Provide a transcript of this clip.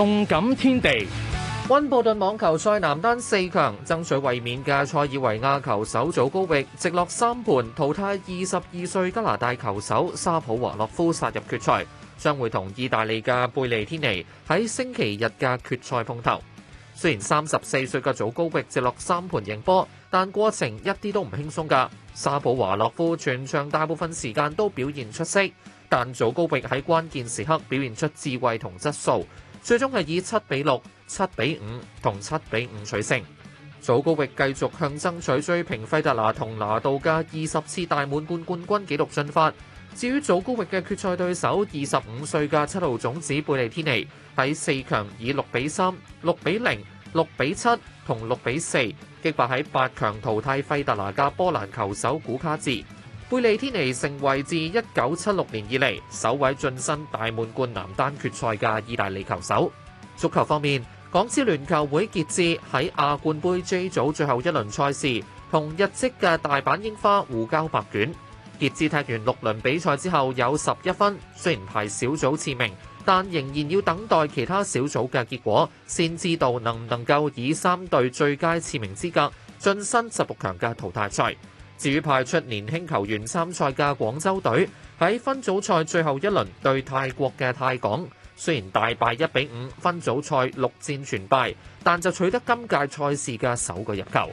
動感天地，溫布頓網球賽男單四強，爭取衛冕嘅塞爾維亞球手祖高域直落三盤淘汰二十二歲加拿大球手沙普華洛夫，殺入決賽，將會同意大利嘅貝利天尼喺星期日嘅決賽碰頭。雖然三十四歲嘅祖高域直落三盤贏波，但過程一啲都唔輕鬆噶。沙普華洛夫全場大部分時間都表現出色，但祖高域喺關鍵時刻表現出智慧同質素。最終係以七比六、七比五同七比五取勝。祖高域繼續向爭取追平費達拿同拿度嘅二十次大滿貫冠，冠軍紀錄進發。至於祖高域嘅決賽對手，二十五歲嘅七號種子貝利天尼喺四強以六比三、六比零、六比七同六比四擊敗喺八強淘汰費達拿嘅波蘭球手古卡治。貝利天尼成為自1976年以嚟首位晉身大滿貫男單決賽嘅意大利球手。足球方面，港超聯球會傑志喺亞冠盃 J 組最後一輪賽事同日職嘅大阪櫻花互交白卷。傑志踢完六輪比賽之後有十一分，雖然係小組次名，但仍然要等待其他小組嘅結果先知道能唔能夠以三隊最佳次名資格晉身十六強嘅淘汰賽。至於派出年輕球員參賽嘅廣州隊，喺分組賽最後一輪對泰國嘅泰港，雖然大敗一比五，分組賽六戰全敗，但就取得今屆賽事嘅首個入球。